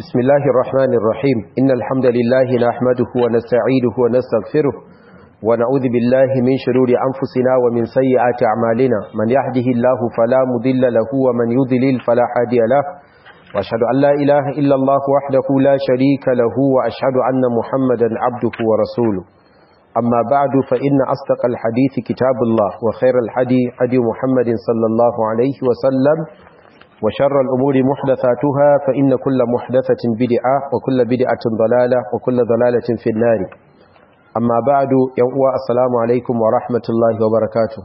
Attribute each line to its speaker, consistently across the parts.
Speaker 1: بسم الله الرحمن الرحيم إن الحمد لله نحمده ونستعيده ونستغفره ونعوذ بالله من شرور أنفسنا ومن سيئات أعمالنا من يهده الله فلا مضل له ومن يضلل فلا هادي له وأشهد أن لا إله إلا الله وحده لا شريك له وأشهد أن محمدا عبده ورسوله أما بعد فإن أصدق الحديث كتاب الله وخير الحدي حدي محمد صلى الله عليه وسلم وشر الأمور محدثاتها فإن كل محدثة بدعة وكل بدعة ضلالة وكل ضلالة في النار أما بعد يوء السلام عليكم ورحمة الله وبركاته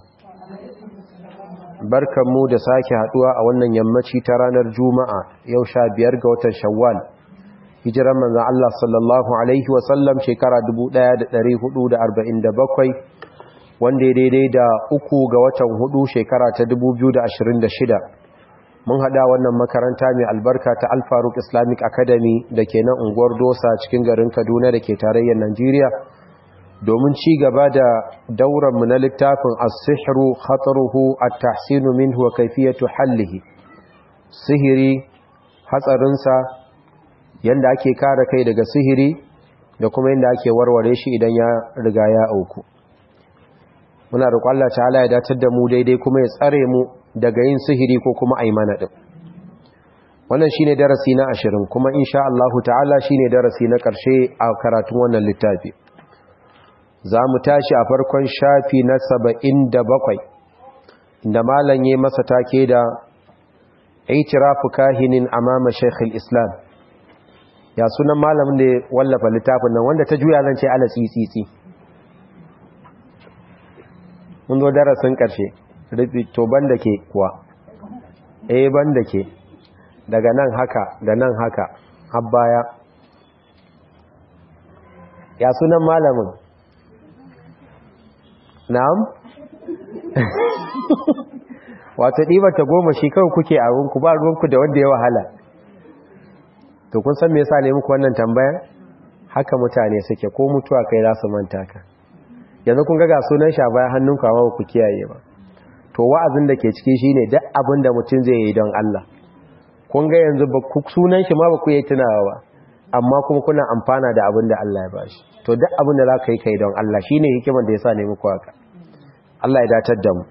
Speaker 1: barkan mu da sake haduwa a wannan yammaci ta ranar juma'a yau sha biyar ga watan shawwal hijiran manzan Allah sallallahu alaihi wa sallam shekara 1447 wanda ya daidai da uku ga watan hudu shekara ta shida. mun hada wannan makaranta mai albarka ta alfaruk islamic academy da ke nan unguwar dosa cikin garin kaduna da ke tarayyar najeriya domin ci gaba da dauranmu na littafin asihiru sihru khataruhu at-tahsinu minhu wa kayfiyatu hallihi sihiri hatsarinsa yanda ake kare kai daga sihiri da kuma yanda ake warware shi idan ya riga ya auku muna roƙon Allah ta'ala ya datar da mu daidai kuma ya tsare mu daga yin sihiri ko kuma aimana din wannan shine darasi na ashirin kuma insha Allah ta'ala shine darasi na ƙarshe a karatun wannan littafi za mu tashi a farkon shafi na saba'in da bakwai da malam ya masa take da itirafu kahinin amama shekhul islam ya sunan malamin da wallafa littafin nan wanda ta juya zan ala tsitsitsi mun zo darasin ƙarshe rufi to ban da ke kuwa E eh, ban da ke daga nan haka da nan haka abbaya ya sunan malamin na'am ɗiba ta goma shi kawai kuke a ku? ba ruwanku da wanda ya wahala to kun san me yasa ne muku wannan tambayar haka mutane suke ko mutuwa kai za su manta ka yanzu kun ga ga sunan shabaya baya kawawa ku kiyaye ba to wa'azin da ke ciki shine duk abin da mutum zai yi don Allah kun ga yanzu ba ku sunan shi ma ba ku yi tunawa ba amma kuma kuna amfana da abin da Allah ya bashi to duk abin da ka yi kai don Allah shine hikiman da ya yasa ne muku haka Allah ya datar da mu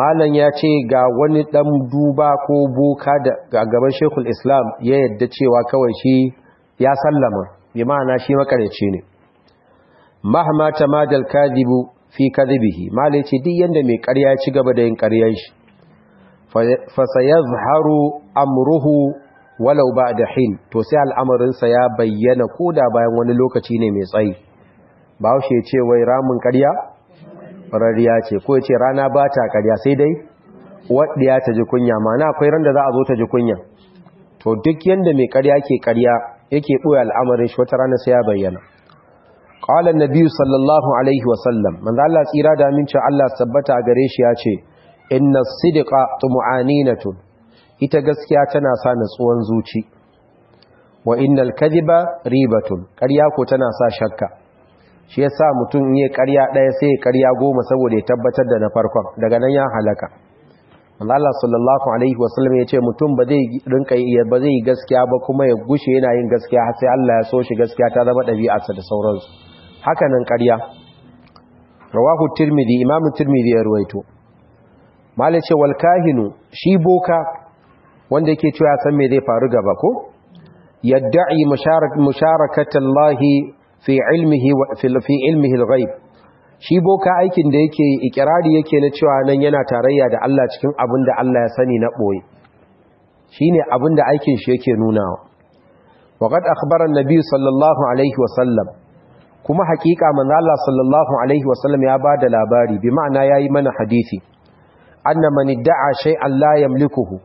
Speaker 1: malam ya ce ga wani dan duba ko boka da gaban Sheikhul Islam ya yadda cewa kawai shi ya sallama bi ma'ana shi makarici ne mahma tamadal kadibu fi kadhibihi mala ce duk yanda mai karya ya ci gaba da yin karyar shi fa sayazharu amruhu walau da hin to sai al'amarin sa ya bayyana ko da bayan wani lokaci ne mai tsayi ba shi ce wai ramin ƙarya rariya ce ko ce rana ba ta ƙarya sai dai wadiya ta ji kunya mana akwai ran da za a zo ta ji kunya to duk yanda mai karya ke ƙarya yake ɓoye al'amarin shi wata rana sai ya bayyana قال النبي صلى الله عليه وسلم من ذا الله tsira da aminci Allah sabbata gare shi ce, inna sidqa tun ita gaskiya tana sa natsuwan zuci wa innal kadhiba ribatun ƙarya ko tana sa shakka shi yasa mutum yi ƙarya ɗaya sai ya ƙarya goma saboda ya tabbatar da na farkon daga nan ya halaka manzo Allah sallallahu alaihi ya ce mutum ba zai rinka ba zai gaskiya ba kuma ya gushe yana yin gaskiya har sai Allah ya so shi gaskiya ta zama ɗabi'arsa da sauransu haka nan ƙarya rawahu tirmidhi imamu tirmidhi ya ruwaito malace wal kahinu shi boka wanda yake cewa ya san me zai faru gaba ko yadda'i musharakatallahi fi ilmihi fi ilmihi al shi boka aikin da yake ikirari yake na cewa nan yana tarayya da Allah cikin abin da Allah ya sani na boye shine abin da aikin shi yake nunawa waqad akhbara an-nabi sallallahu alaihi wa sallam kuma hakika manzo Allah sallallahu alaihi wasallam ya bada labari bi ma'ana yayi mana hadisi anna man idda'a shay'an la yamlikuhu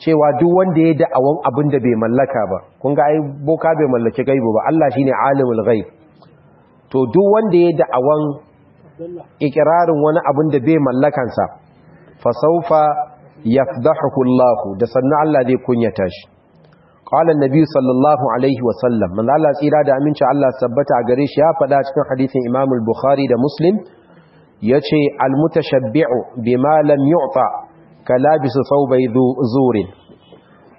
Speaker 1: cewa duk wanda ya da'awan abin da bai mallaka ba kun ga ai boka bai mallaki gaibu ba Allah shine alimul ghaib to duk wanda ya da'awan ikirarin wani abin da bai mallakansa fa sawfa yafdahu Allah da sannan Allah zai kunyata shi qala annabi sallallahu alaihi wa man Allah tsira da aminci Allah sabbata a gare shi ya faɗa cikin hadithin Imam bukhari da Muslim yace al malam bima ka labisa sau bai zurin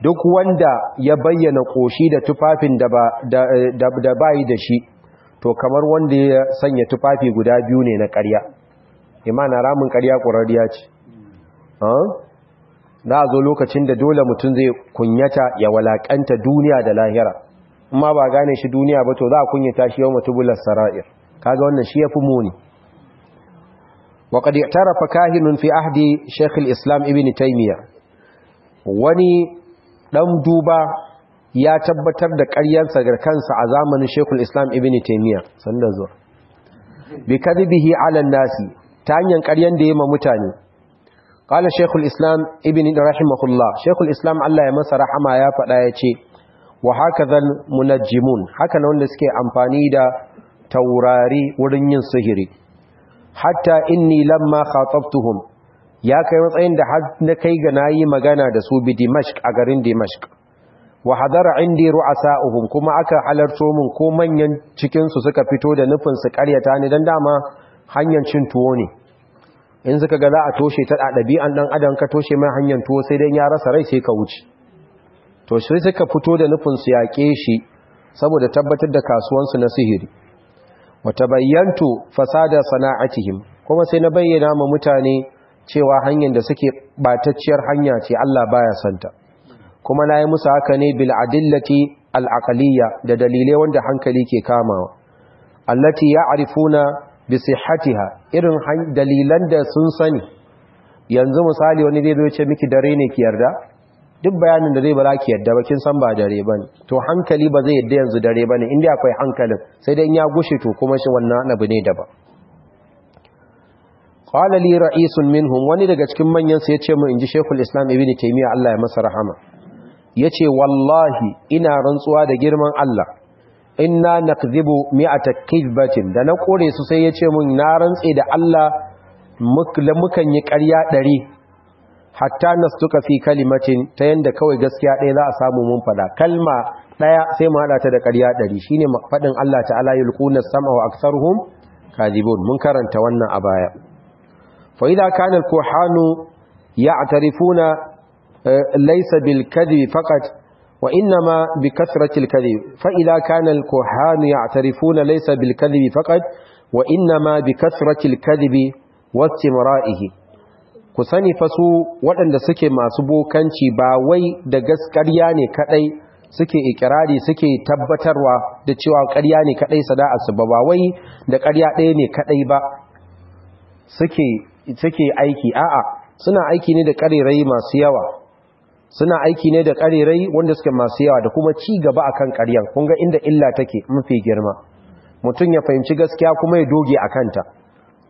Speaker 1: duk wanda ya bayyana ƙoshi da tufafin da ba yi da shi to kamar wanda ya sanya tufafi guda biyu ne na ƙarya imana ramin ƙarya ƙurariya ce za a zo lokacin da dole mutum zai kunyata ya walakanta duniya da lahira amma ba gane shi duniya ba to za a kunyata shi yau mutubular sara'ir kaga wannan shi ya fi muni waƙad i'tarafa kahinun fi ahdi Sheikh islam Ibn Taymiyyah wani dan duba ya tabbatar da ƙaryarsa ga kansa a zamanin Sheikhul Islam Ibn Taymiyyah sanda zuwa bi kadibihi 'ala nasi ta hanyar ƙaryar da ma mutane قال شيخ الإسلام ابن رحمه الله شيخ الإسلام الله يمسى رحمه يا فدا يتي وهكذا المنجمون هكذا wanda suke amfani da taurari wurin yin sihiri hatta inni lamma khatabtuhum ya kai matsayin da har na kai ga nayi magana da su bi Dimashq a garin Dimashq wa hadara indi ru'asa'uhum kuma aka halarto mun ko manyan cikinsu suka fito da nufin su karyata ni dan dama hanyar cin tuwo ne in suka ga za a toshe ta ɗabi'an ɗan adam ka toshe mai hanyar tuwo sai dai ya rasa rai sai ka wuce to sai suka fito da nufin su yaƙe shi saboda tabbatar da kasuwansu na sihiri wata bayyantu fasada sana'atihim kuma sai na bayyana ma mutane cewa hanyar da suke batacciyar hanya ce Allah baya santa kuma na yi musu haka ne bil adillati al'aqaliyya da dalilai wanda hankali ke kamawa allati ya'rifuna Bisi hatiha irin dalilan da sun sani yanzu misali wani zai zo ce miki dare ne ki yarda duk bayanin da zai bara ki yarda ba kin san ba dare bane to hankali ba zai yarda yanzu dare ba bane inda akwai hankalin sai dai in ya gushe to kuma shi wannan abu ne daban qala li ra'isun minhum wani daga cikin manyan ya yace mu inji shekul islam ibn taymiya Allah ya masa rahama yace wallahi ina rantsuwa da girman Allah inna nakzibu mi'ata kizbatin da na kore su sai yace mun na rantse da Allah mukan yi ƙarya ɗari hatta nastuka fi kalimatin ta yadda kawai gaskiya ɗaya za a samu mun fada kalma ɗaya sai mu haɗa ta da ƙarya ɗari shine faɗin Allah ta'ala yulquna sama wa hum kadibun mun karanta wannan a baya fa idza kana al-kuhanu ya'tarifuna eh, laisa bil kadhibi faqat وإنما بكثرة الكذب فإذا كان الكهان يعترفون ليس بالكذب فقط وإنما بكثرة الكذب واستمرائه كساني فسو وأن سكي ما سبو كانشي باوي دقس كرياني كأي suke ikirari suke tabbatarwa da cewa ƙarya ne kadai sada'arsu ba wai da ƙarya ɗaya ne kadai ba suke aiki a'a suna aiki ne da ƙarirai masu yawa suna aiki ne da karirai wanda suke masu yawa da kuma ci gaba akan ƙaryan kun ga inda illa take mafi girma mutum ya fahimci gaskiya kuma ya doge a kanta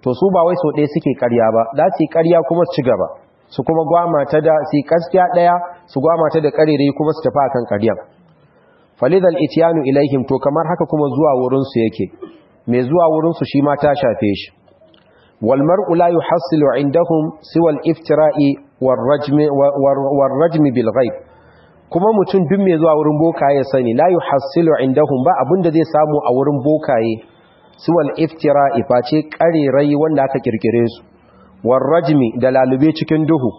Speaker 1: to su ba wai sau ɗaya suke ƙarya ba za su yi ƙarya kuma ci gaba su kuma gwama ta da su gaskiya ɗaya su gwama ta da karirai kuma su tafi akan ƙaryan falidal itiyanu ilaihim to kamar haka kuma zuwa wurinsu yake mai zuwa wurinsu shi ma ta shafe shi Walmar mar'u la yuhassilu indahum siwal iftira'i warrajmi bilghaib kuma mutum duk mai zuwa wurin bokaye ya sani la yuhassilu indahum ba abinda zai samu a wurin bokaye suwal iftira, iface, karerai wanda aka kirkire su rajmi da lalube cikin duhu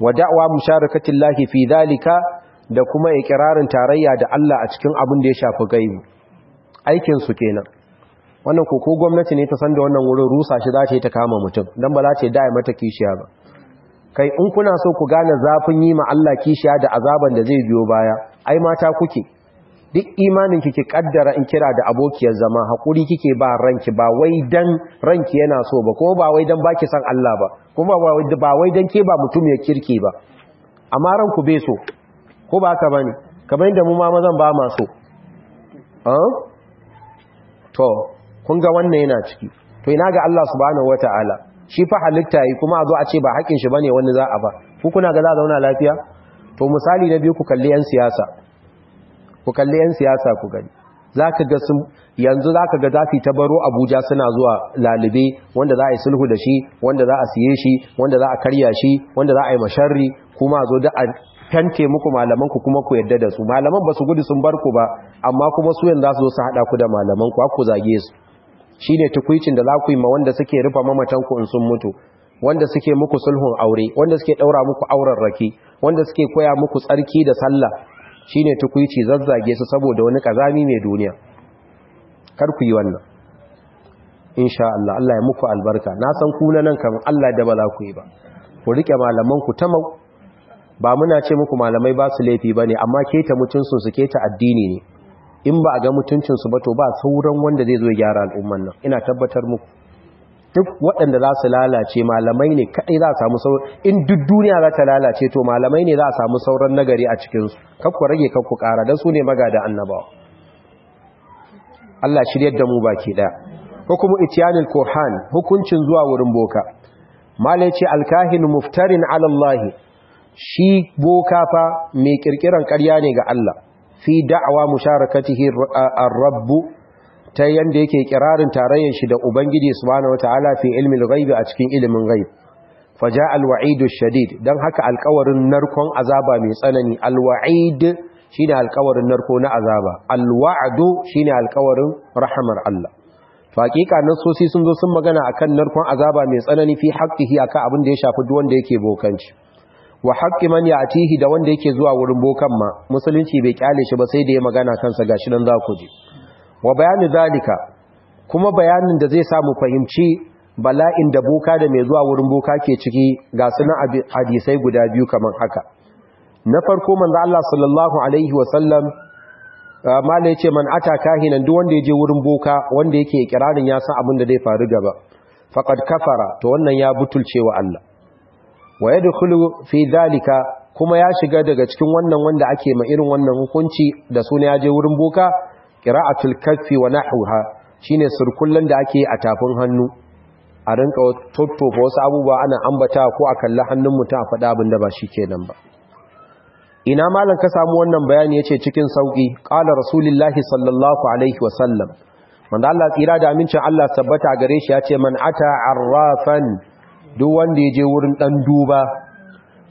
Speaker 1: wa da'wa lahi fi zalika da kuma ikrarin tarayya da Allah a cikin abin da ya shafi gaibu aikin su kenan wannan ko ko gwamnati ne ta san da wannan wurin rusa shi za ta yi ta kama mutum dan ba za ta yi da mata kishiya ba kai in kuna so ku gane zafin yi ma Allah kishiya da azaban da zai biyo baya ai mata kuke duk imanin kike kaddara in kira da abokiyar zama hakuri kike ba ranki ba wai dan ranki yana so ba ko ba wai dan baki san Allah ba kuma ba wai ba wai dan ke ba mutum ya kirki ba amma ranku be so ko ba haka bane kamar yadda mu ma mazan ba ma so eh to kun ga wannan yana ciki to ina ga Allah subhanahu wataala shi fa halitta yi kuma a zo a ce ba haƙin shi bane wanda za a ba ku kuna ga za a zauna lafiya to misali na biyu ku kalli yan siyasa ku kalli yan siyasa ku gani zaka ga sun yanzu ka ga zafi ta baro Abuja suna zuwa lalibe wanda za a yi sulhu da shi wanda za a siye shi wanda za a karya shi wanda za a yi masharri kuma a zo da tante muku malaman ku kuma ku yadda da su malaman ba su gudu sun bar ku ba amma kuma su yanzu za su zo su haɗa ku da malaman ku ku zage su Shi ne tukwicin da za ku yi ma wanda suke rufa mamatan ku in sun mutu wanda suke muku sulhun aure wanda suke ɗaura muku auren raki wanda suke koya muku tsarki da sallah shi ne tukuici zazzage su saboda wani kazami mai duniya kar ku yi wannan insha Allah Allah ya muku albarka na san ku na nan kan Allah da za ku yi ba ku rike malaman ku ta mau ba muna ce muku malamai ba su laifi ne amma keta mutunsu su keta addini ne in ba a ga mutuncinsu ba to ba sauran wanda zai zo gyara al'umman nan ina tabbatar muku duk waɗanda za su lalace malamai ne kaɗai za a samu sauran in duk duniya za ta lalace to malamai ne za a samu sauran nagari a cikinsu kakku rage kakku ƙara don su ne magada annabawa Allah shiryar da mu baki ɗaya hukumu itiyanil kohan hukuncin zuwa wurin boka malai ce alkahin muftarin alallahi shi boka fa mai ƙirƙiran ƙarya ne ga Allah fi da'awa musharakatihi ar-rabb ta yanda yake kirarin tarayyar shi da ubangiji subhanahu wataala fi ilmi al-ghaib a cikin ilimin ghaib faja al-wa'idu shadid dan haka alƙawarin narkon azaba mai tsanani al-wa'id shine alƙawarin narko na azaba al-wa'du shine alƙawarin rahmar Allah faƙiƙa nasosi sun zo sun magana akan narkon azaba mai tsanani fi haqqihi akan abin da ya shafi duk wanda yake bokanci wa haƙƙi man atihi da wanda yake zuwa wurin bokan ma musulunci bai kyale shi ba sai da ya magana kansa gashi nan za ku ji wa bayani zalika kuma bayanin da zai samu fahimci bala'in da boka da mai zuwa wurin boka ke ciki ga suna hadisai guda biyu kamar haka na farko manzo Allah sallallahu alaihi wa sallam mala yace man ata kahinan duk wanda ya je wurin boka wanda yake kirarin ya san abin da zai faru gaba faqad kafara to wannan ya butulce wa Allah wa dukulu fi dalika kuma ya shiga daga cikin wannan wanda ake ma irin wannan hukunci da suna ya je wurin boka qira'atul kaffi wa nahwaha shine surkullan da ake a tafin hannu a rinka tottofa wasu abubuwa ana ambata ko a kalli hannun mutum a faɗa abin da ba shi kenan ba ina malam ka samu wannan bayani yace cikin sauki qala rasulullahi sallallahu alaihi wasallam manzo Allah tsira da amincin Allah tabbata gare shi yace man ata arrafan duk wanda ya je wurin ɗan duba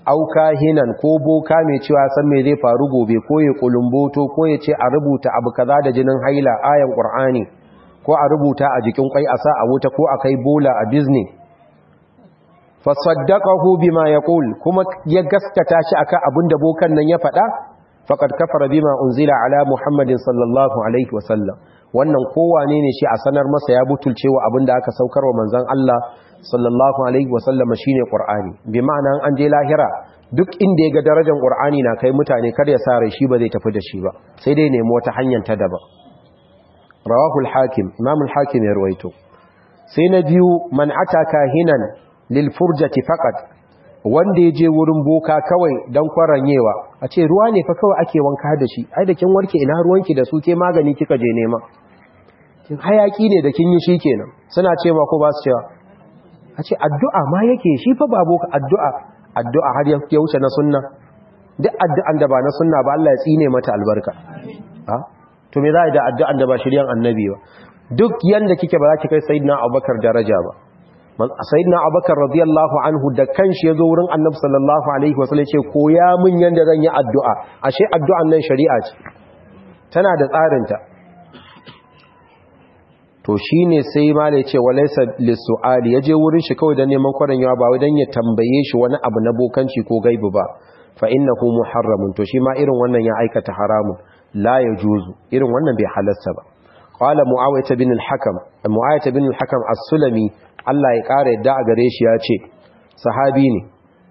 Speaker 1: auka hinan ko boka mai cewa san me zai faru gobe ko ya ƙulumboto ko ya ce a rubuta abu kaza da jinin haila ayan qur'ani ko a rubuta a jikin kwai a sa a wuta ko a kai bola a disney fasaddaqahu bima yaqul kuma ya gaskata shi akan da bokan nan ya faɗa faqad kafara bima unzila ala muhammadin sallallahu alaihi wasallam wannan kowane ne shi a sanar masa ya butulce wa abin da aka saukar wa manzan Allah sallallahu alaihi wasallam shine ƙur'ani bi ma'ana an je lahira duk inda ya ga darajar ƙur'ani na kai mutane kar ya sare shi ba zai tafi da shi ba sai dai nemi wata hanyar ta daban rawahul hakim imam hakim ya ruwaito sai na biyu man ataka kahinan lil furjati faqat wanda ya je wurin boka kawai don kwaranyewa a ce ruwa ne fa kawai ake wanka da shi ai da kin warke ina ruwanki da su ke magani kika je nema kin hayaki ne da kin yi shi kenan suna cewa ko ba su cewa a ce addu'a ma yake shi fa babo ka addu'a addu'a har ya wuce na sunna duk addu'an da ba na sunna ba Allah ya tsine mata albarka ha ah? to me za a yi da addu'an da ba shiryan annabi ba duk yanda kike ba za ki kai sayyidina abubakar daraja ba sayyidina abubakar radiyallahu anhu da kanshi yazo wurin annabi sallallahu alaihi wasallam ce koya min yanda zan yi addu'a ashe addu'an nan shari'a ce tana da tsarinta to shi ne sai mala ya ce walaisa lissu'ali ya je wurin shi kawai don neman kwarin yawa ba don ya tambaye shi wani abu na bokanci ko gaibu ba fa innahu muharramun to shi ma irin wannan ya aikata haramun la ya juzu irin wannan bai halasta ba qala muawiyah bin al-hakam muawiyah bin al-hakam as-sulami Allah ya kare yadda a gare shi ya ce sahabi ne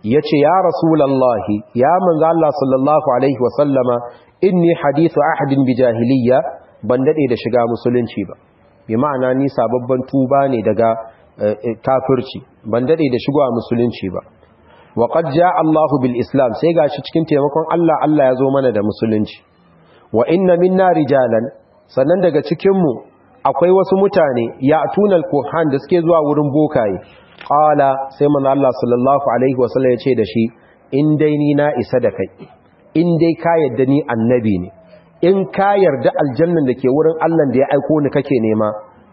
Speaker 1: yace ya rasulullahi ya manzo Allah sallallahu alaihi wa sallama inni hadithu ahadin bi jahiliyya ban dade da shiga musulunci ba bi ma'ana ni sababban tuba ne daga eh, eh, kafirci ban dade da shigo a musulunci ba wa qad jaa Allahu bil islam sai gashi cikin taimakon Allah Allah ya zo mana da musulunci wa inna minna rijalan sannan daga cikin mu akwai wasu mutane ya tunal kuhan da suke zuwa wurin bokaye qala sai manzo Allah sallallahu alaihi wasallam ya ce da shi in dai ni na isa da kai in dai ka yadda ni annabi ne in ka yarda aljannan da ke wurin Allah da ya aiko ni kake nema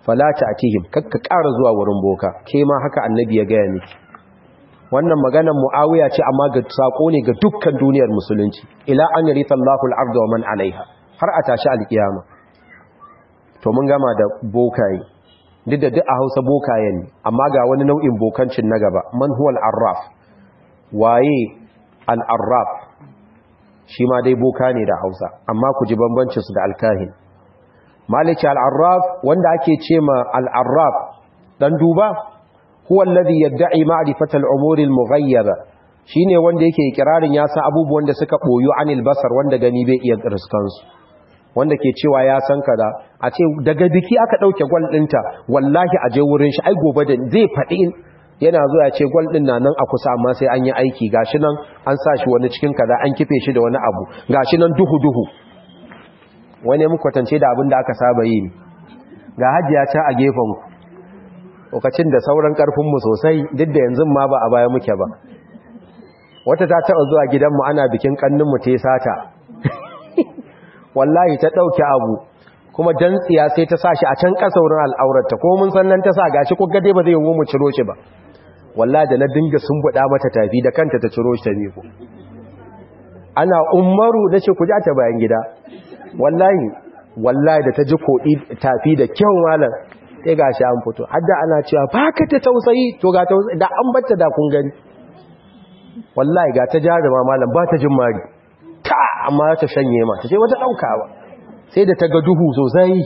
Speaker 1: fala ta'tihim kakka kara zuwa wurin boka ke ma haka annabi ya gaya miki wannan maganar muawiya ce amma ga sako ne ga dukkan duniyar musulunci ila an yarita Allahu al-ardh wa man alaiha har a tashi alkiyama to mun gama da bokaye duk da duk a Hausa bokaye ne amma ga wani nau'in bokancin na gaba man huwa arraf waye al-arraf shi ma dai boka ne da hausa amma ku ji bambancinsu da alkahin maliki al'arraf wanda ake ce ma al'arraf ɗan duba huwan a yi ma'rifatal umuri al Shi ne wanda yake kirarin ya san abubuwan da suka ɓoyo anil basar wanda gani bai iya ƙirskansu wanda ke cewa ya san kaza a ce daga biki aka ɗauke gwal dinta wallahi a je wurin shi ai gobe da zai faɗi. yana zuwa ce gwal din na nan a kusa amma sai an yi aiki gashi nan an sa shi wani cikin kaza an kife shi da wani abu gashi nan duhu duhu wani mu kwatance da abin da aka saba yi ga hajiya ta a gefen lokacin da sauran karfin mu sosai duk da yanzu ma ba a baya muke ba wata ta taba zuwa gidan mu ana bikin kannin mu ta sata wallahi ta dauke abu kuma dan tsiya sai ta sa shi a can ƙasa wurin al'aurarta ko mun sannan ta sa gashi ko gade ba zai yi mu ciro shi ba walla da na dinga sun buɗa mata tafi da kanta ta ciro shi ta miko ana umaru ce ku ja ta bayan gida wallahi wallahi da ta ji kodi tafi da kyau malam sai gashi an fito hadda ana cewa baka ta tausayi to ga tausayi da an batta da kun gani wallahi ga ta jaruma malam ba ta jin mari ta amma ta shanye ma ta ce wata dauka ba sai da ta ga duhu sosai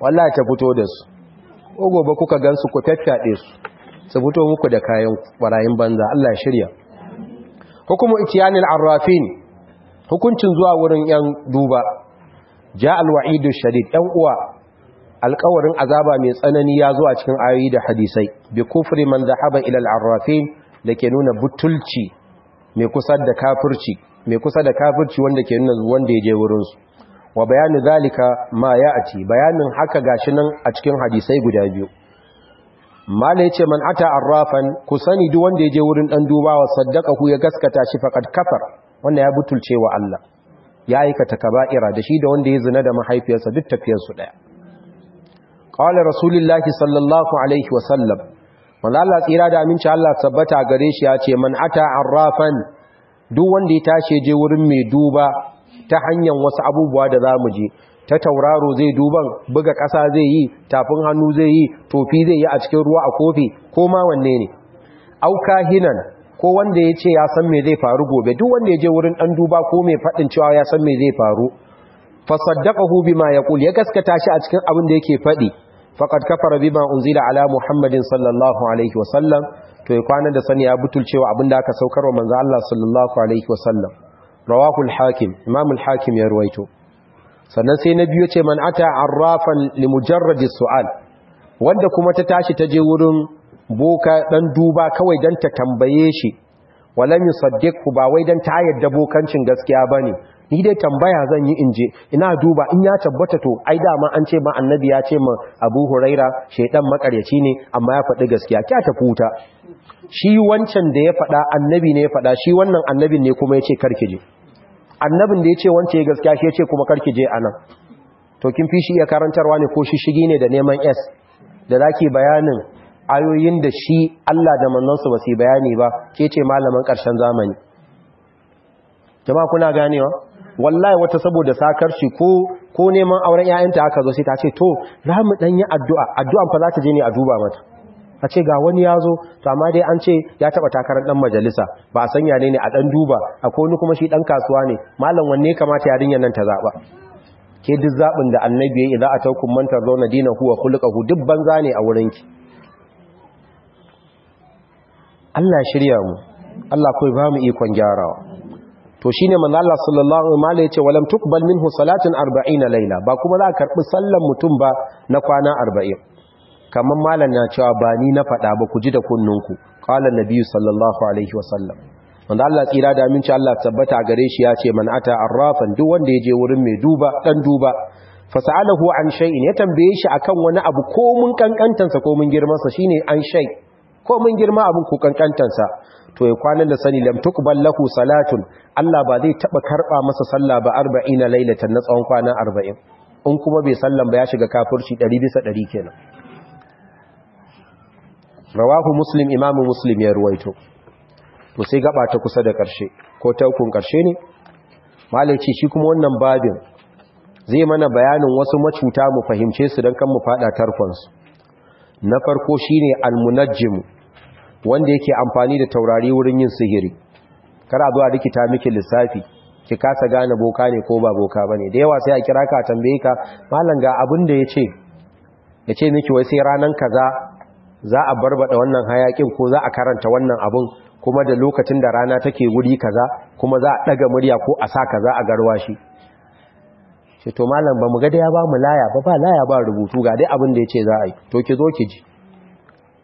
Speaker 1: wallahi ta fito da su ko gobe kuka gansu ku tattade su su muku da kayan barayin banza Allah ya shirya hukumu itiyanil arrafin hukuncin zuwa wurin yan duba ja alwa'idu shadid yan uwa alkawarin azaba mai tsanani ya zo a cikin ayoyi da hadisai bi kufri man dhahaba ila alarrafin dake nuna butulci mai kusa da kafirci mai kusa da kafirci wanda ke nuna wanda ya je wurin su wa bayani zalika ma ya'ati bayanin haka gashi nan a cikin hadisai guda biyu malai ce, man ata arrafan ku sani duk wanda ya je wurin dan dubawa saddaka ku ya gaskata shi faqad kafar wannan ya butulce wa Allah ya aikata kaba'ira da shi da wanda ya zina da mahaifiyarsa duk tafiyar su daya qala rasulullahi sallallahu alaihi wa sallam wanda Allah tsira da aminci Allah tabbata gare shi ya ce man ata arrafan duk wanda ya tashi je wurin mai duba ta hanyar wasu abubuwa da zamu je ta tauraro zai duban buga ƙasa zai yi tafin hannu zai yi tofi zai yi a cikin ruwa a kofi ko ma wanne ne auka hinan ko wanda ya ce ya san me zai faru gobe duk wanda ya je wurin ɗan duba ko mai faɗin cewa ya san me zai faru fasaddaqahu bima yaqul ya gaskata shi a cikin abin da yake faɗi faqad kafara bima unzila ala muhammadin sallallahu alaihi sallam. to ya kwana da sani ya butulcewa abin da aka wa manzo Allah sallallahu alaihi wasallam rawahu al-hakim imam al-hakim ya ruwaito sannan sai na biyu ce man ata arrafan li mujarradi su'al wanda kuma ta tashi ta je wurin boka dan duba kawai dan ta tambaye shi walam ku ba wai dan ta yadda bokancin gaskiya bane ni dai tambaya zan yi inje ina duba in ya tabbata to ai dama an ce ma annabi ya ce ma Abu Huraira shedan makaryaci ne amma ya faɗi gaskiya kya ta futa shi wancan da ya faɗa annabi ne ya faɗa shi wannan annabin ne kuma ya ce karki je annabin da ya ce wance ya gaskiya shi ya ce kuma karki je a nan to kin fi shi iya karantarwa ne ko shi shigi ne da neman s da za ki bayanin ayoyin da shi Allah da mannansu ba su bayani ba ke ce malaman ƙarshen zamani jama'a kuna ganewa wallahi wata saboda sakar shi ko neman auren 'ya'yanta aka zo sai ta ce to za mu ɗan yi addu'a addu'an fa za ta je ne a duba mata a ce ga wani ya zo to amma dai an ce ya taba takarar dan majalisa ba a sanya ne ne a dan duba akwai wani kuma shi dan kasuwa ne malam wanne kamata yarinya nan ta zaba ke duk zabin da annabi ya idza ataukum man tarzawna dinahu wa khuluquhu duk banza ne a wurin ki Allah shirya mu Allah koi ba mu ikon gyarawa to shine manzo Allah sallallahu alaihi yace walam tuqbal minhu salatin 40 laila ba kuma za a karbi sallan mutum ba na kwana arba'in. kamar malam na cewa ba ni na faɗa ba ku ji da kunninku qala nabi sallallahu alaihi wasallam wanda Allah tsira da aminci Allah tabbata gare shi ya ce man ata arrafan duk wanda ya je wurin mai duba dan duba fasalahu an shay'in ya tambaye shi akan wani abu ko mun kankantansa ko mun girman sa shine an shay ko mun girma abin ko kankantansa to ya kwana da sani lam tuqbal lahu salatun Allah ba zai taba karba masa sallah ba 40 lailatan na tsawon kwana 40 in kuma bai sallan ba ya shiga kafirci 100 bisa 100 kenan rawahu muslim imamu muslim ya ruwaito to sai gaba ta kusa da ƙarshe ko taukun ƙarshe ne malaci shi kuma wannan babin zai mana bayanin wasu macuta mu fahimce su don kan mu fada tarkonsu na farko shi ne almunajjim wanda yake amfani da taurari wurin yin sihiri kara zuwa rikita miki lissafi ki kasa gane boka ne ko ba boka bane da yawa sai a kira ka tambaye ka malam ga abin da ya ce miki wai sai ranan kaza za a barbada wannan hayakin ko za a karanta wannan abun kuma da lokacin da rana take wuri kaza kuma za a daga murya ko a sa kaza a garwa shi ce to malam ba mu ga da ya ba laya ba ba laya ba rubutu ga dai abin da yace za a yi to ki zo ki ji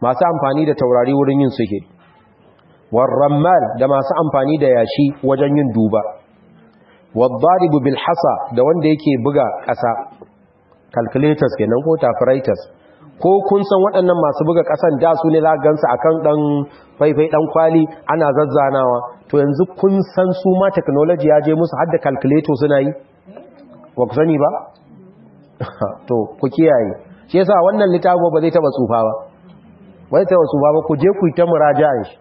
Speaker 1: masu amfani da taurari wurin yin sihiri warrammal da masu amfani da yashi wajen yin duba wadaribu bil hasa da wanda yake buga ƙasa calculators kenan ko typewriters ko kun san waɗannan masu buga ƙasan da su ne za gansu a kan ɗan faifai ɗan kwali ana zazzanawa to yanzu kun san su ma teknoloji ya je musu hadda kalkuleto suna yi ba ku sani ba to ku kiyaye shi yasa wannan littafi ba zai taba tsufa ba ba zai taba tsufa ba ku je ku yi ta muraja'in shi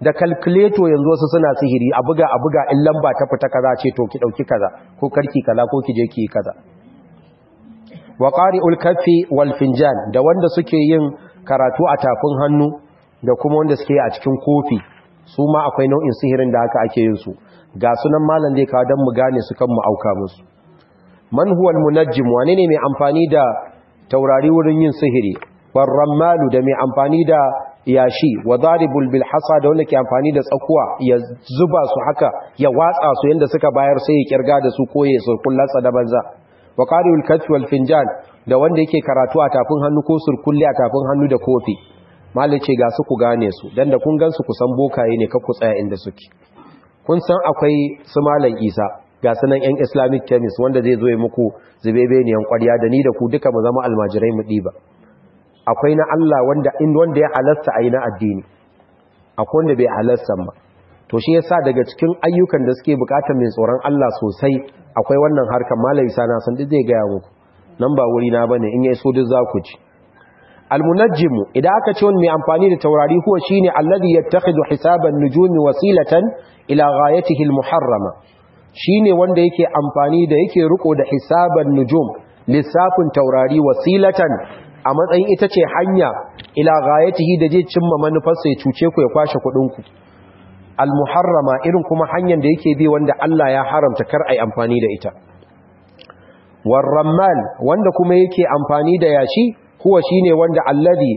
Speaker 1: da kalkuleto yanzu wasu suna sihiri a buga a buga in lamba ta fita kaza ce to ki ɗauki kaza ko karki kaza ko ki je ki yi kaza wa qari'ul kaffi walfinjan da wanda suke yin karatu a tafin hannu da kuma wanda suke a cikin kofi su ma akwai nau'in sihirin da haka ake yin su ga sunan malam zai kawo dan mu gane su kan mu auka musu man huwa munajjim wane ne mai amfani da taurari wurin yin sihiri barrammalu da mai amfani da yashi wa daribul bil hasa da wanda ke amfani da tsakuwa ya zuba su haka ya watsa su yadda suka bayar sai ya kirga da su koye su kullatsa da banza wa qari'ul kath wal finjan da wanda yake karatu a tafin hannu ko surkulli a tafin hannu da kofi ce ga su ku gane su dan da kun gansu ku san bokaye ne kar ku tsaya inda suke kun san akwai su malam Isa ga sunan yan Islamic chemist wanda zai zo ya muku zubebeniyan kwariya da ni da ku duka mu zama almajirai mu diba akwai na Allah wanda in wanda ya halasta aina addini akwai wanda bai halasta ba to shi yasa daga cikin ayyukan da suke bukatar mai tsoron Allah sosai akwai wannan harkar Isa sana san duk zai gaya muku nan ba wuri na bane in ya so duk za ku ci Almunajjimu, idan aka ce wani mai amfani da taurari huwa shine alladhi yattakhidhu hisaban nujumi wasilatan ila Muharrama. Shi shine wanda yake amfani da yake riko da hisaban nujum lissafin taurari wasilatan a matsayin ita ce hanya ila ghayatihi da zai cimma manufarsa ya cuce ku ya kwashe kuɗin ku al-muharrama irin kuma hanyar da yake bi wanda Allah ya haramta kar ai amfani da ita warrammal wanda kuma yake amfani da yashi huwa shine wanda alladhi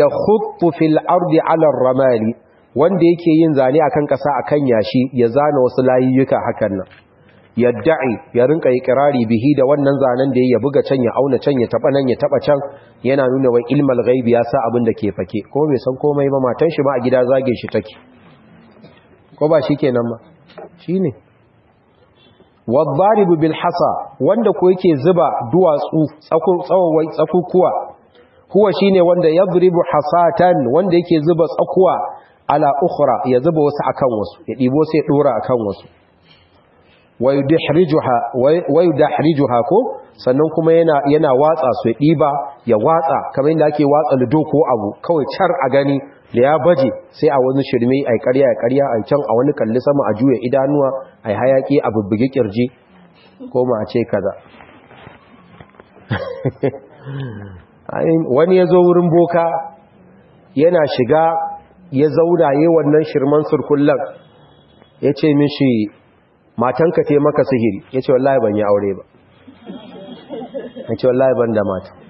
Speaker 1: yakhuttu fil ardi ala ramali wanda yake yin zane akan kasa akan yashi ya zana wasu layiyuka hakan nan yadda'i ya rinka ikrari bihi da wannan zanen da ya buga can ya auna can ya taba nan ya taba can yana nuna wa ilmal ghaibi ya sa abin da ke fake ko bai san komai ba matan shi ma a gida zage shi take ko ba shi kenan ma shi ne waddaribu bil hasa wanda ko yake zuba duwatsu tsawon tsakukuwa Kuwa shi ne wanda yadribu hasatan wanda yake zuba tsakuwa ala ukura ya zuba wasu akan wasu ya ɗibo sai a kan wasu da hariju ko sannan kuma yana watsa su ya ɗiba ya watsa kamar yadda ake watsa ludo ko abu kawai char a gani da ya baje sai a wani shirme ai karya a karya ai can a wani kalli sama a juya idanuwa ai hayaki a bubbuge kirji ko ma a ce kaza wani ya zo wurin boka yana shiga ya zauna yi wannan shirman surkullan ya ce mishi matanka ce maka sihiri ya ce wallahi ban yi aure ba ya ce wallahi ban da mata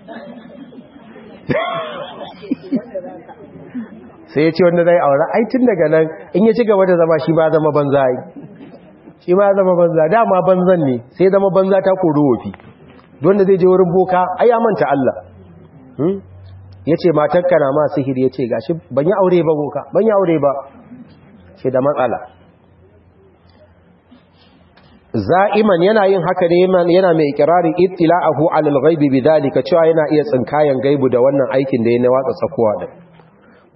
Speaker 1: sai ya ce wanda zai aure ai tun daga nan in ya ci gaba da zama shi ba zama banza yi shi ba zama banza dama banzan ne sai zama banza ta koro wofi wanda zai je wurin boka ai ya manta Allah hmm? ya ce matarka na ma sihiri ya ce gashi ban yi aure ba boka ban yi aure ba Sai da matsala za'iman yana yin haka ne yana mai ikirarin ittila'ahu alal ghaibi bidalika cewa yana iya tsinkayen gaibu da wannan aikin da ya na watsa tsakuwa din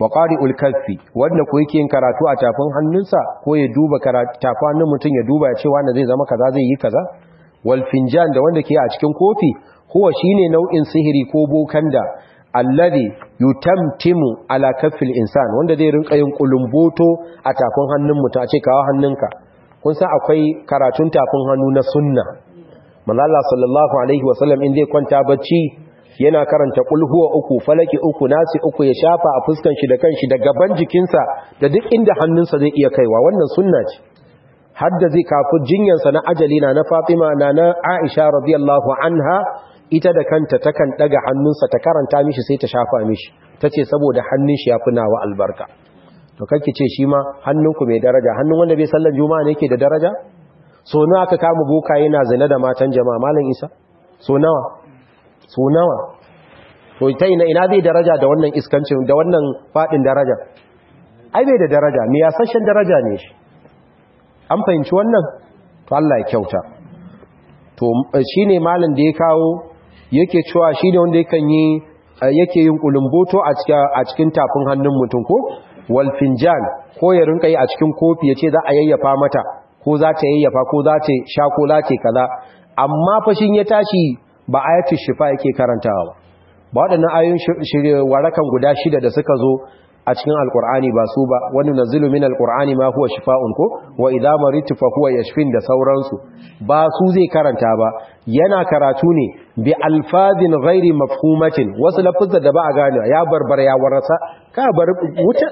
Speaker 1: wa qari'ul kaffi wanda ko yake yin karatu a tafin hannunsa ko ya duba tafi tafin hannun mutum ya duba ya ce wanda zai zama kaza zai yi kaza wal finjan da wanda ke a cikin kofi huwa shine nau'in sihiri ko bokanda alladhi yutamtimu ala kaffil insan wanda zai rinka yin kulumboto a tafin hannun mutum a ce kawo hannunka kun san akwai karatun tafin hannu na sunna manzo sallallahu alaihi wasallam in zai kwanta bacci yana karanta kulhuwa uku falaki uku nasi uku ya shafa a fuskan shi da kanshi da gaban jikinsa da duk inda hannunsa zai iya kaiwa wannan sunna ce har da zai kafi jinyansa na ajali na na fatima na na aisha radiyallahu anha ita da kanta ta kan daga hannunsa ta karanta mishi sai ta shafa mishi ta ce saboda hannun shi ya fi nawa albarka to kake ce shi ma hannunku mai daraja hannun wanda bai sallan juma'a ne ke da daraja so nawa aka kama boka yana zina da matan jama'a malam isa so nawa su nawa to ta ina ina zai daraja da wannan iskancin da wannan fadin daraja ai bai da daraja me yasashen daraja ne shi an fahimci wannan to Allah ya kyauta to shine malam da ya kawo yake cewa shine wanda yakan yi yake yin kulumboto a cikin a cikin tafin hannun mutum ko wal finjan ko ya rinka yi a cikin kofi yace za a yayyafa mata ko za ta yayyafa ko za ta sha ko za ta kaza amma fa shin ya tashi ba ayatul shifa yake karantawa ba ba wadannan ayoyin warakan guda shida da suka zo a cikin alkur'ani ba su ba wani nazilu min alkur'ani ma huwa shifa'un ko wa idza maritu fa huwa yashfin da sauransu ba su zai karanta ba yana karatu ne bi alfazin ghairi mafhumatin wasu lafuzza da ba a gane ya barbar ya warasa ka bar wuta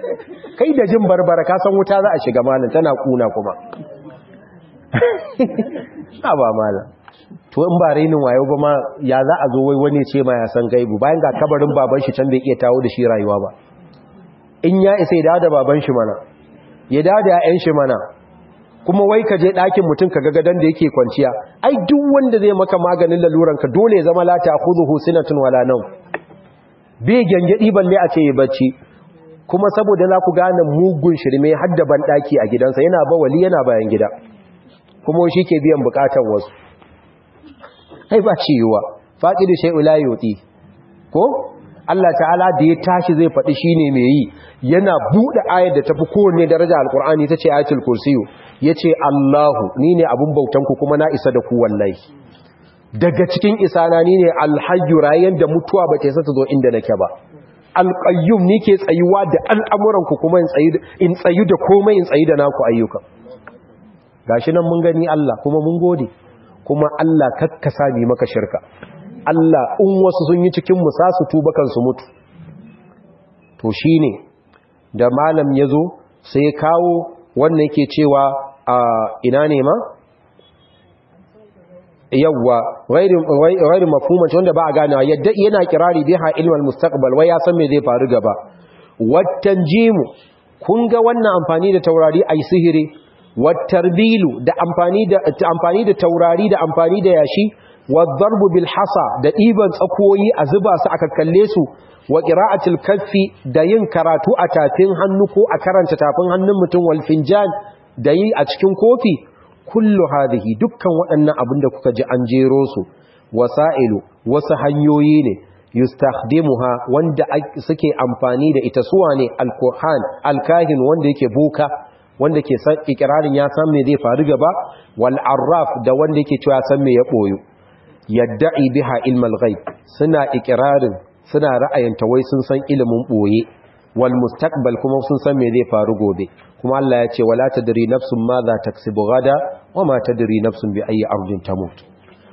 Speaker 1: kai da jin barbara ka san wuta za a shiga malam tana kuna kuma ba malam to in ba rainin wayo ba ma ya za a zo wai wani ce ma ya san gaibu bayan ga kabarin baban shi can bai iya tawo da shi rayuwa ba in ya isa ya dawo da baban shi mana ya dawo da ƴaƴan shi mana kuma wai ka je ɗakin mutum ka ga gadon da yake kwanciya ai duk wanda zai maka maganin laluran ka dole ya zama lata khudhu sinatun wala nan. bai gangadi balle a ce ya bacci kuma saboda za ku gane mugun shirme har da banɗaki a gidansa yana ba wali yana bayan gida kuma shi ke biyan bukatar wasu ai ba ci yiwa faqidu shay'u la yuti ko Allah ta'ala da ya tashi zai faɗi shine mai yi yana buɗe ayar da tafi kowanne daraja alqur'ani tace ayatul kursi yace Allahu ni ne abun bautan ku kuma na isa da ku wallahi daga cikin isana ni ne alhayyu rayan da mutuwa ba ke sata zo inda nake ba alqayyum ni ke tsayuwa da al'amuran ku kuma in tsayu da komai in tsayi da naku ayyuka gashi nan mun gani Allah kuma mun gode kuma Allah kakka sami maka shirka Allah in wasu sun yi cikin musa su tuba kansu mutu to shine da malam ya zo sai ya kawo wannan yake cewa a ina ne ma yawwa gairi mafhumanci wanda ba a ganewa yadda yana kirari ha ilmal mustaqbal wai ya san me zai faru gaba wattanjimu kun ga wannan amfani da taurari ai sihiri wattarbilu da amfani da amfani da taurari da amfani da yashi wadharbu bil hasa da ɗiban tsakoyi a zuba su aka kalle su wa qira'atul kaffi da yin karatu a tafin hannu ko a karanta tafin hannun mutum wal finjan da yi a cikin kofi kullu hadhihi dukkan waɗannan abin da kuka ji an jero su wasa'ilu wasu hanyoyi ne yustakhdimuha wanda suke amfani da ita suwa ne alquran alkahin wanda yake buka wanda ke san ikirarin ya san me zai faru gaba wal arraf da wanda yake cewa san me ya koyo yadda'i biha ilmal ghaib suna ikirarin suna ra'ayanta wai sun san ilimin boye wal mustaqbal kuma sun san me zai faru gobe kuma Allah ya ce wala tadri nafsun ma za taksibu gada wa ma tadri nafsun bi ayi ardin tamut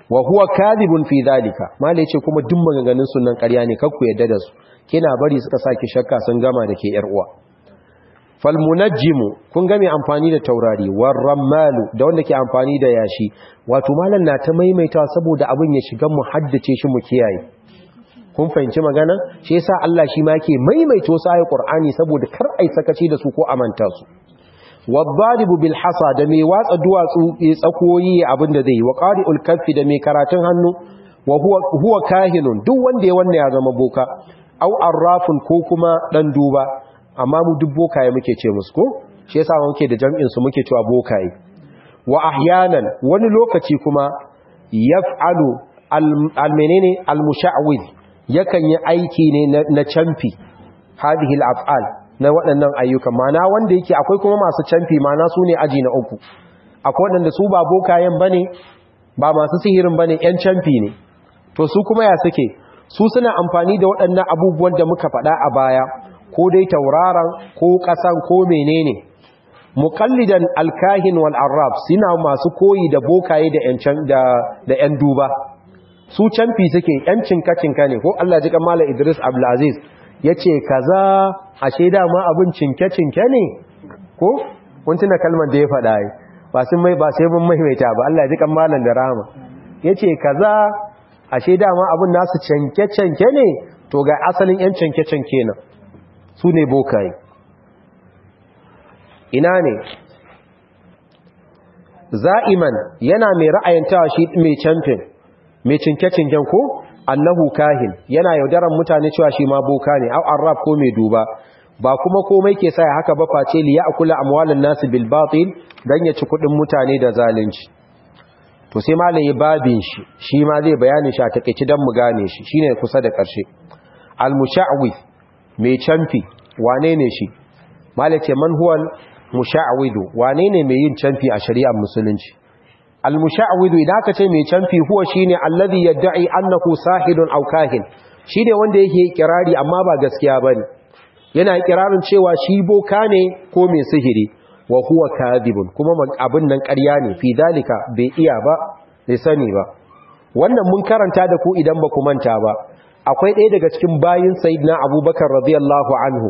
Speaker 1: wa huwa kadhibun fi dhalika mala yace kuma duk maganganun sunan ƙarya ne kakku yadda da su kina bari suka saki shakka sun gama da ke yar uwa falmunajjimu kun ga mai amfani da taurari warrammalu da wanda ke amfani da yashi wato malam na ta maimaita saboda abin ya shiga mu haddace shi mu kiyaye kun fahimci magana shi yasa Allah shi ma yake maimaita wasu ayoyin Qur'ani saboda kar ai sakaci da su ko amanta su wadaribu bil hasa da mai watsa duwatsu tsakoyi abin da zai wa qari'ul kaffi da mai karatun hannu wa huwa kahinun duk wanda ya wanda ya zama boka au arrafun ko kuma dan duba amma mu duk bokaye muke ce musu ko shi yasa muke da jam'in su muke cewa bokaye wa ahyanan wani lokaci kuma yaf'alu al almusha'wid yakan yi aiki ne na canfi hadhihi af'al na waɗannan ayyukan mana wanda yake akwai kuma masu canfi mana sune aji na uku akwai waɗanda su ba bokayen bane ba masu sihirin bane yan canfi ne to su kuma ya suke su suna amfani da waɗannan abubuwan da muka faɗa a baya ko dai tauraron ko ƙasan ko menene muqallidan alkahin wal arab suna masu koyi da bokaye da yan da da yan duba su canfi suke yan cinka cinka ne ko Allah ji kamala Idris Abdul Aziz yace kaza ashe dama abin cinke cinke ne ko kun tuna kalmar da ya faɗa ai ba sun mai ba sai mun maimaita ba Allah ji kamalan da rahama yace kaza ashe dama abin nasu cinke cinke ne to ga asalin yan cinke cinke nan su ne bokaye ina ne za'iman yana mai ra'ayantawa shi mai camfin mai cinke-cinken ko annahu kahin yana yaudaran mutane cewa shi ma boka ne au arab ko mai duba ba kuma komai ke sa ya haka ba face liya kula amwalin nasu bil batil dan ya ci kudin mutane da zalunci to sai malaye babin shi shi ma zai bayani shi a dan mu gane shi shine kusa da ƙarshe. al mushawif mai canfi wane ne shi malace manhuwal musha'awidu wane ne mai yin canfi a shari'ar musulunci al-musha'awidu idan aka ce mai canfi huwa shine allazi yad'i annahu sahidun aw kahin shi ne wanda yake kirari amma ba gaskiya bane yana kirarin cewa shi boka ne ko mai sihiri wa huwa kadhibun kuma abin nan ƙarya ne fi dalika bai iya ba bai sani ba wannan mun karanta da ku idan ba ku manta ba akwai ɗaya daga cikin bayin sayidina abubakar radiyallahu anhu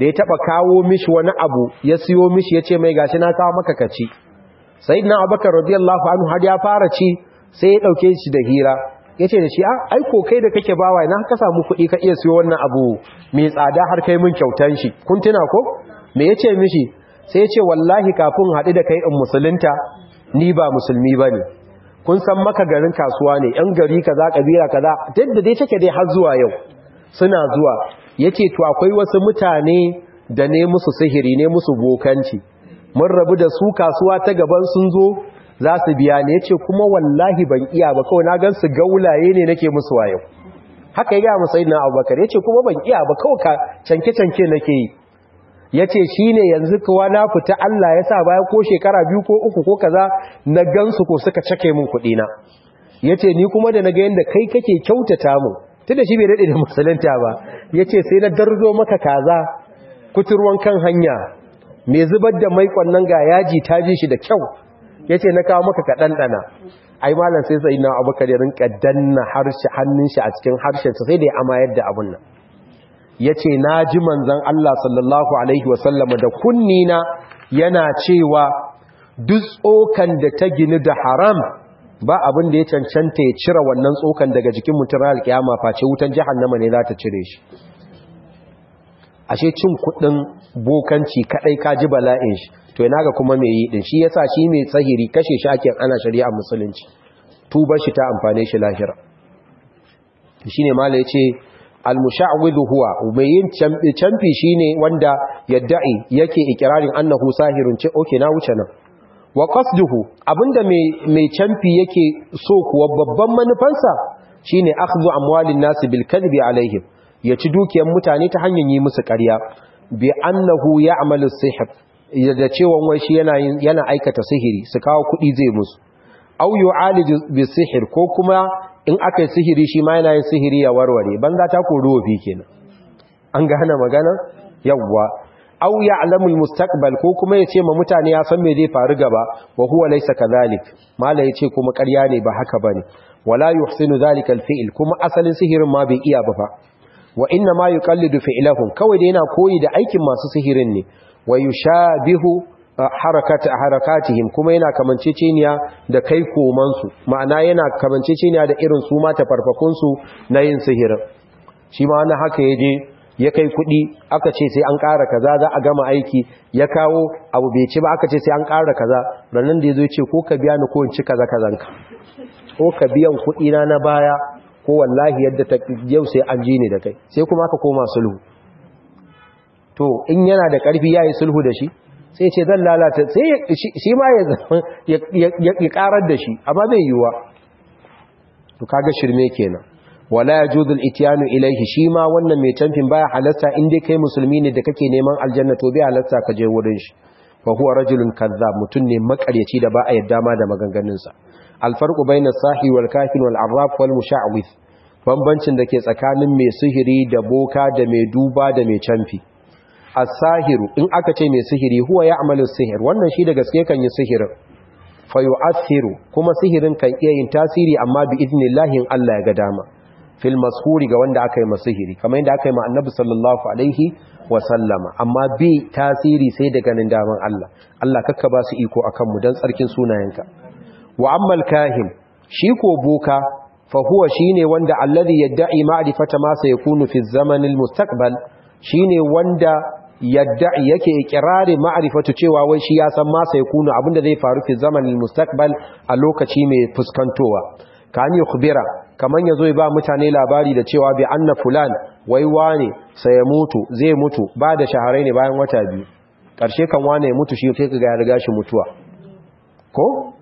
Speaker 1: da ya taɓa kawo mishi wani abu ya siyo mishi ya ce mai gashi na kawo maka kaci sayidina abubakar radiyallahu anhu har ya fara ci sai ya ɗauke shi da hira ya ce da shi ai ko kai da kake bawa na ka samu kuɗi ka iya siyo wannan abu mai tsada har kai min kyautan shi kuntuna ko me ya ce mishi sai ya ce wallahi kafin haɗu da kai in musulunta ni ba musulmi ba ne kun san maka garin kasuwa ne yan gari kaza kabila kaza da dai take dai har zuwa yau suna zuwa Ya ce to akwai wasu mutane da ne musu sihiri ne musu bokanci mun rabu da su kasuwa ta gaban sun zo za su biya ne Ya ce kuma wallahi ban iya ba kawai na gan su gaulaye ne nake musu wayo haka ya ga musayi na abubakar ce kuma ban iya ba kawai canke canke nake yi ya ce shi ne yanzu kuwa na fita Allah ya sa bayan ko shekara biyu ko uku ko kaza na gansu ko suka cake min kuɗi ya ce ni kuma da na ga yadda kai kake kyautata mu tunda shi bai daɗe da musulunta ba ya ce sai na darzo maka kaza kuturwan kan hanya mai zubar da mai kwannan ga yaji ta ji shi da kyau ya ce na kawo maka ka ɗanɗana ai malam sai sai na abu ya rinka danna hannun shi a cikin harshen su, sai da ya amayar da abun nan ya ce na ji manzan Allah sallallahu Alaihi wasallam da kunnina yana cewa duk tsokan da ta gini da haram ba abin da ya cancanta ya cire wannan tsokan daga jikin mutum ranar kiyama face wutan nama ne za ta cire shi ashe cin kudin bokanci kadai ka ji bala'in shi to yana ga kuma mai yi din shi yasa shi mai tsahiri kashe shi ake ana shari'a musulunci tubar shi ta amfane shi lahira ne mala yace al huwa mai yin camfi shine wanda yadda'i yake ikirarin annahu sahirun ce okay na wuce nan wa qasduhu abinda mai mai camfi yake so kuwa babban manufansa shine akhdhu amwalin nasi bil kadhibi alaihim ya ci dukiyar mutane ta hanyar yi musu ƙarya bi annahu ya'malu sihr da cewa wai shi yana yana aikata sihiri su kawo kuɗi zai musu au yu'alij bi sihr ko kuma in aka yi sihiri shi ma yana yin sihiri ya warware banza ta kori wofi kenan an ga hana magana yawwa aw Alamul mustaqbal ko kuma yace ma mutane ya san me zai faru gaba wa huwa laysa kadhalik mala yace kuma ƙarya ne ba haka bane wala yuhsinu zalika alfi'l kuma asalin sihirin ma bai iya ba fa wa inna ma yuqallidu fi'lahum kawai da yana koyi da aikin masu sihirin ne wa yushabihu harakata harakatihim kuma yana kamanceceniya da kai komansu ma'ana yana ciniya da irin su mata farfakunsu na yin sihirin shi ma wani haka ya je ya kai kuɗi aka ce sai an kara kaza za a gama aiki ya kawo abu bai ci ba aka ce sai an kara kaza ranar da ya zo ce ko ka biya ni ko in ci kaza ka? ko ka biyan kuɗi na na baya ko wallahi yadda ta yau sai an ji ni da kai sai kuma aka koma sulhu to in yana da ƙarfi yayi sulhu da shi sai ce zan lalata sai shi ma ya karar da shi amma bai wa. to kaga shirme kenan wala yajuzu al-ityanu ilayhi shi ma wannan mai camfin baya halatta in dai kai musulmi ne da kake neman aljanna to bai halatta ka je wurin shi fa huwa rajulun kadhab mutun ne makaryaci da ba a yadda ma da maganganun sa al-farqu bayna sahi wal kafin wal arraf wal musha'wif bambancin da ke tsakanin mai sihiri da boka da mai duba da mai camfi as-sahiru in aka ce mai sihiri huwa ya'malu sihir wannan shi da gaske kan yi sihirin fa yu'athiru kuma sihirin kan iya yin tasiri amma bi idnillahi in Allah ya ga dama fil mashuri ga wanda aka yi sihiri, kamar yadda aka yi ma annabi sallallahu alaihi wa sallama amma bi tasiri sai da ganin daman Allah Allah kakka ba su iko akan mu dan tsarkin sunayenka wa ammal kahin shi ko boka fa huwa shine wanda alladhi yad'i ma'rifata ma sayakunu fi zamanil mustaqbal shine wanda yaddai yake ikirari ma'arifatu cewa wai shi ya san ma sai kuna abinda zai faru fi zamanin mustaqbal a lokaci mai fuskantowa kan yukhbira kaman yazo ya ba mutane labari da cewa bi anna fulan wai wane sai mutu zai mutu ba da shaharai ne bayan wata biyu karshe kan wane ya mutu shi kai ga ya riga shi mutuwa ko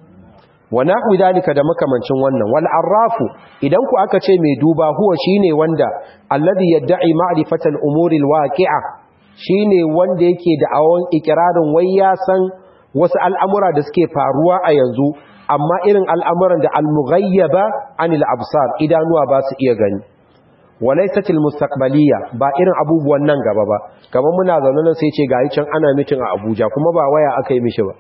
Speaker 1: wa nahwi dalika da makamancin wannan wal arrafu idan ku aka ce mai duba huwa shine wanda alladhi yad'i ma'rifatan umuri al Shi ne wanda yake da'awon ikirarin wai ya san wasu al'amura da suke faruwa a yanzu amma irin al'amuran da al ba anil il’absar idanuwa ba su iya gani Walai walaisatil mustaqbaliya ba irin abubuwan nan gaba ba gaba muna zaune nan sai ce yi can ana mitin a Abuja kuma ba waya aka yi mishi ba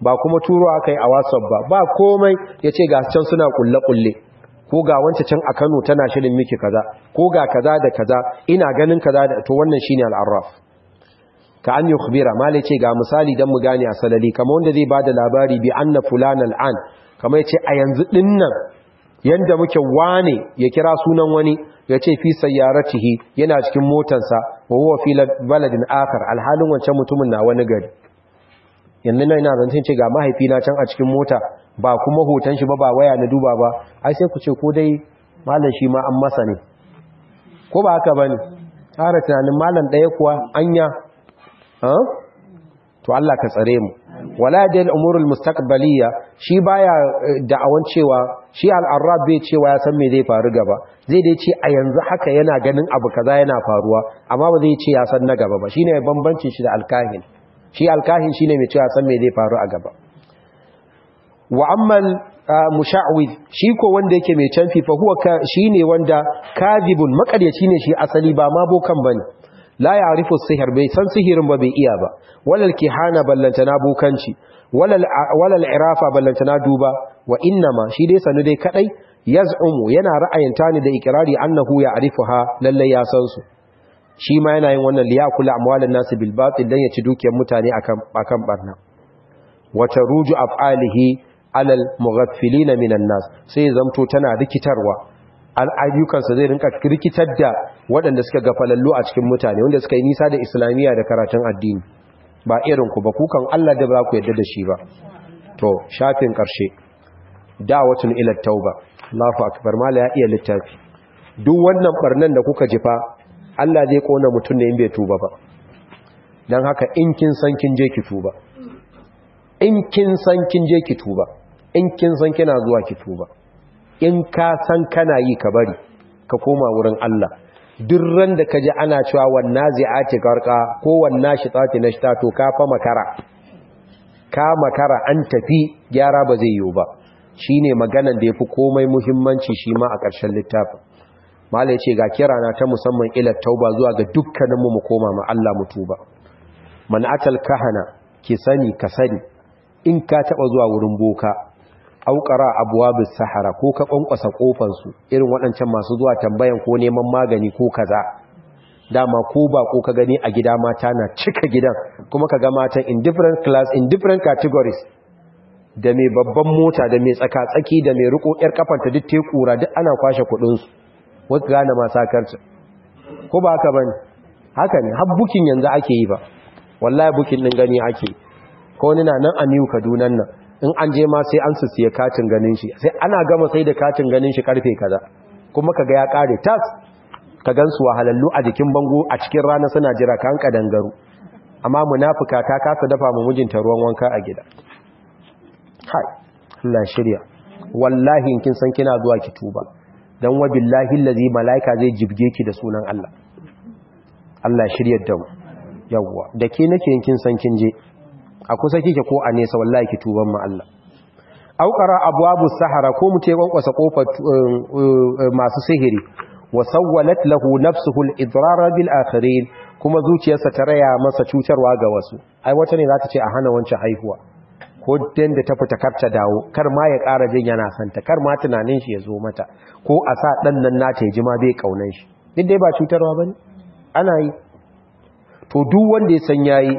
Speaker 1: ba kuma turo aka yi a WhatsApp ba ba komai yace ga can suna kulle kulle ko ga wancan can a Kano tana shirin miki kaza ko ga kaza da kaza ina ganin kaza da to wannan shine ne ka an yukhbira malai ce ga misali don mu gane salari kamar wanda zai ba da labari bi anna fulana al'an kamar ce a yanzu dinnan yadda muke wane ya kira sunan wani ya ce fi cihi yana cikin motarsa wa wa fi baladin akar alhalin wancan mutumin na wani gari yanzu na yana zancen ce ga mahaifi na can a cikin mota ba kuma hoton shi ba ba waya na duba ba ai sai ku ce ko dai malam shi ma an masa ne ko ba haka bane tsara tunanin malam ɗaya kuwa anya to Allah ka tsare mu wala da al'umurul mustaqbaliya shi baya eh, da'awan cewa shi al'arrab bai cewa ya san me zai faru gaba zai dai ce a yanzu haka yana ganin abu kaza yana faruwa amma ba zai ce ya san na gaba ba shine bambancin shi da alkahin shi alkahin shine mai cewa san me zai faru a gaba wa amman ah, musha'wid shi ko wanda yake mai canfi fa huwa shine wanda kadibun makaryaci ne shi asali ba ma bokan bane la ya'rifu sihir bai san sihirin ba bai iya ba walal kihana na bukanci walal walal ballanta na duba wa innama shi dai sanu dai kadai yaz'umu yana ra'ayinta ne da ikirari annahu ya'rifuha lalle ya san su shi ma yana yin wannan liyakula amwalan nasu bil batil dan ya ci dukiyar mutane akan akan barna wa taruju af'alihi alal mughaffilina minan nas sai zamto tana rikitarwa ayyukansa zai rinka rikitar da waɗanda suka falallu a cikin mutane wanda suka yi nisa da islamiyya da karatun addini ba irin ku ba kukan Allah da ba ku yadda da shi ba to shafin ƙarshe da'watun ila tauba Allahu akbar mala ya iya littafi duk wannan barnan da kuka jifa Allah zai kona mutum ne in bai tuba ba dan haka in kin san kin je ki tuba in kin san kin je ki tuba in kin san kina zuwa ki tuba in ka san kana yi ka bari ka koma wurin Allah duk ran da ka ji ana cewa wanna zi'ati karka ko wanna shitati nashta to ka fa makara ka makara an tafi gyara ba zai yiwu ba shine maganan da yafi komai muhimmanci shi ma a ƙarshen littafin Malam yace ga kira na ta musamman ila tauba zuwa ga dukkanin mu mu koma ma Allah mu tuba man atal kahana ki sani ka sani in ka taba zuwa wurin boka Aukara abuwa abwabus sahara ko ka kwankwasa kofar su irin waɗancan masu zuwa tambayan ko neman magani ko kaza dama ko ba ko ka gani a gida mata na cika gidan kuma ka ga matan in different class in different categories da mai babban mota da mai tsaka tsaki da mai riko yar kafanta duk te kura duk ana kwashe kuɗinsu su wata gane masakarta ko ba haka bane haka ne har bukin yanzu ake yi ba wallahi bukin din gani ake ko ni na nan a New Kaduna nan in an je ma sai an su siya katin ganin shi sai ana gama sai da katin ganin shi karfe kaza kuma kaga ya kare tas ka gansu wahalallu a jikin bango a cikin rana suna jira kan garu, amma munafuka ta kasa dafa mu mijinta ruwan wanka a gida hai Allah shirya wallahi kin san kina zuwa ki tuba dan wa billahi allazi malaika zai jibge ki da sunan Allah Allah shiryar da mu yawwa da ke nake kin san kin je a kusa kike ko a nesa wallahi ki tuban ma Allah auqara abwabu sahara ko mu ce kwankwasa kofar eh, eh, masu sihiri wa sawwalat lahu nafsuhu al idrar bil akharin kuma zuciyarsa ta raya masa cutarwa ga wasu ai wata ne za ta ce a hana wancan haihuwa ko dan da ta fita karta dawo kar ma ya ƙara jin yana santa kar ma tunanin shi ya zo mata ko a sa dan nan nata ya ji ma bai kaunan shi din dai ba cutarwa bane ana yi to duk wanda ya san yayi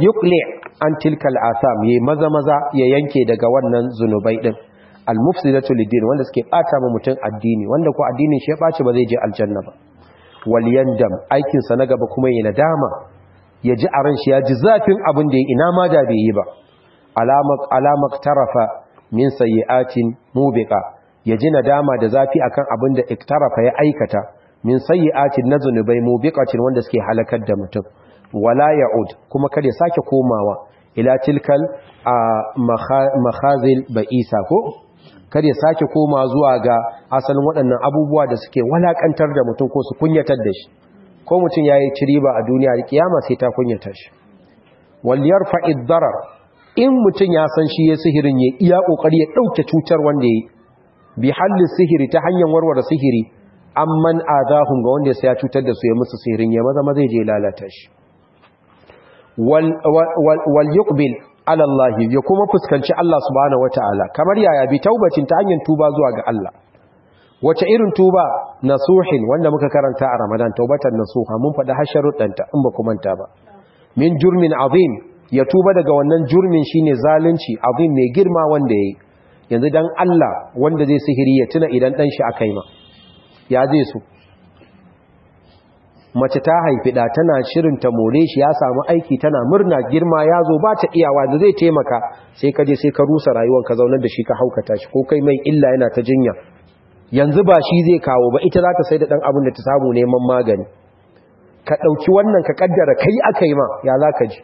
Speaker 1: yuqli an tilkal asam yayi maza maza ya yanke daga wannan zunubai din al-mufsidatu lid wanda suke bata ma mutum addini wanda ko addinin shi ya bace ba zai je aljanna ba wal yandam aikin sa na gaba kuma ya dama, ya ji a ran shi ya ji zafin abin da ina ma da bai yi ba alamak alama tarafa min sayi'atin mubiqa ya ji nadama da zafi akan abin da iktarafa ya aikata min sayi'atin na zunubai mubiqatin wanda suke halakar da mutum wala ya'ud kuma kada ya sake komawa ila tilkal makhazil ba'isa ko kada ya sake koma zuwa ga asalin waɗannan abubuwa da suke walakantar da mutum ko su kunyatar da shi ko mutum ya yayi ciriba a duniya da kiyama sai ta kunyata shi Waliyar fa’id darar in mutum ya san shi ya sihirin ya iya ƙoƙari ya ɗauke cutar wanda ya yi bi hallin sihiri ta hanyar warware sihiri amman zahun ga wanda ya cutar da su ya musu sihirin ya maza maza je lalata shi wal yuqbil ya kuma fuskanci Allah subhanahu wataala kamar yaya bi taubacin ta hanyar tuba zuwa ga Allah wace irin tuba nasuhin wanda muka karanta a Ramadan taubatan nasuha mun faɗa hasharuddanta in ba kuma ba min jurmin azim ya tuba daga wannan jurmin shine zalunci abin mai girma wanda yayi yanzu dan Allah wanda zai sihiri ya tuna idan dan shi akai ma ya zai su mace ta haifi da tana shirin ta more shi ya samu aiki tana murna girma ya zo ba ta iyawa da zai taimaka sai ka je sai ka rusa rayuwar ka zaunar da shi ka haukata shi ko kai mai illa yana ta jinya yanzu ba shi zai kawo ba ita za ta sai da ɗan abin da ta samu neman magani ka ɗauki wannan ka ƙaddara kai aka yi ma ya za ka ji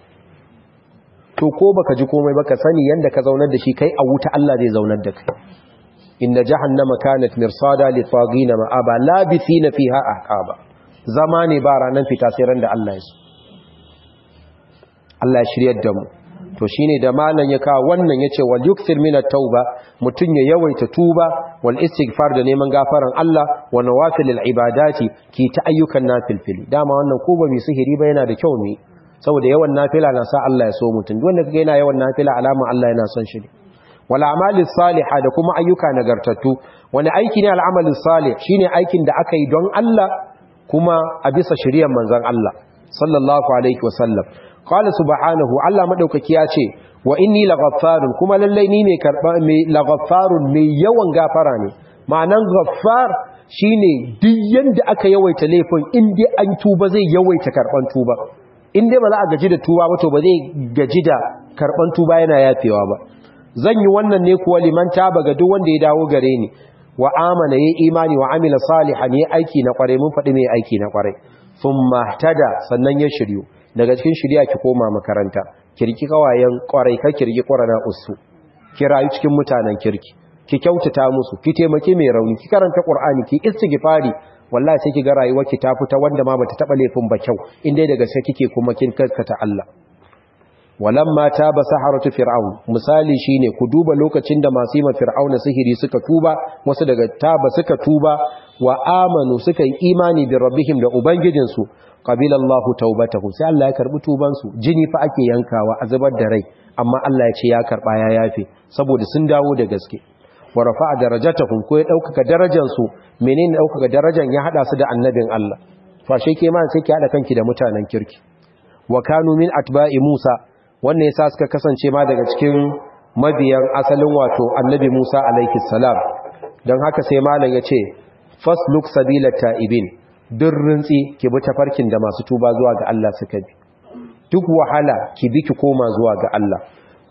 Speaker 1: to ko ka ji komai baka sani yanda ka zaunar da shi kai a wuta Allah zai zaunar da kai inna jahannama kanat mirsada lit-taghina ma'aba labithina fiha ba. zama ne ba ranar fita sai ran da Allah ya so Allah ya shiryar da mu to shi ne da malan ya kawo wannan ya ce, wal yukthir minat tauba mutum ya yawaita tuba wal istighfar da neman gafaran Allah wa nawafilil ibadati ki ta ayyukan nafilfili dama wannan ko ba mai sihiri ba yana da kyau ne saboda yawan nafila na sa Allah ya so mutum duk wanda kaga yana yawan nafila alama Allah yana son shi Wala wal amalis salihah da kuma ayyuka nagartattu wani aiki ne Al'amalin salih shine aikin da aka yi don Allah kuma a bisa shiriyar manzan Allah sallallahu alaihi wasallam qala subhanahu Allah madaukaki ya ce wa inni laghaffarun kuma lallai ni ne karba mai laghaffarun mai yawan gafara ne ma'anan ghaffar shine duk yanda aka yawaita laifin in dai an tuba zai yawaita karban tuba in dai ba za a gaji da tuba ba to ba zai gaji da karban tuba yana yafewa ba zan yi wannan ne kuwa liman taba ga duk wanda ya dawo gare ni wa amana yayi imani wa amila salihan yi aiki na kware mun faɗi mai aiki na kware Sun tada sannan ya shiryu daga cikin shirya ki koma makaranta kirki kawayen kwarai ka kirki na usu ki rayu cikin mutanen kirki ki kyautata musu ki taimake mai rauni ki karanta qur'ani ki fari wallahi sai ki ga rayuwar ki ta fita wanda ma bata taba laifin ba kyau in dai daga sai kike kuma kin kaskata Allah walamma taba saharatu fir'aun misali shine ku duba lokacin da masu yi fir'auna sihiri suka tuba wasu daga taba suka tuba wa amanu suka yi imani bi rabbihim da ubangijinsu su qabila Allah taubatahu sai Allah ya karbi tubansu jini fa ake yankawa a zubar da rai amma Allah ya ce ya karba ya yafe saboda sun dawo da gaske wa rafa'a darajatahum ko ya dauka darajar su menene dauka darajar ya hada su da annabin Allah fashe ke ma sai ki hada kanki da mutanen kirki wa kanu min atba'i Musa wannan sa suka kasance ma daga cikin mabiyan asalin wato annabi Musa alaihi salam don haka sai malam ya ce first look, sabila ta'ibin duk rintsi ki bi tafarkin da masu tuba zuwa ga Allah suka bi duk wahala ki bi ki koma zuwa ga Allah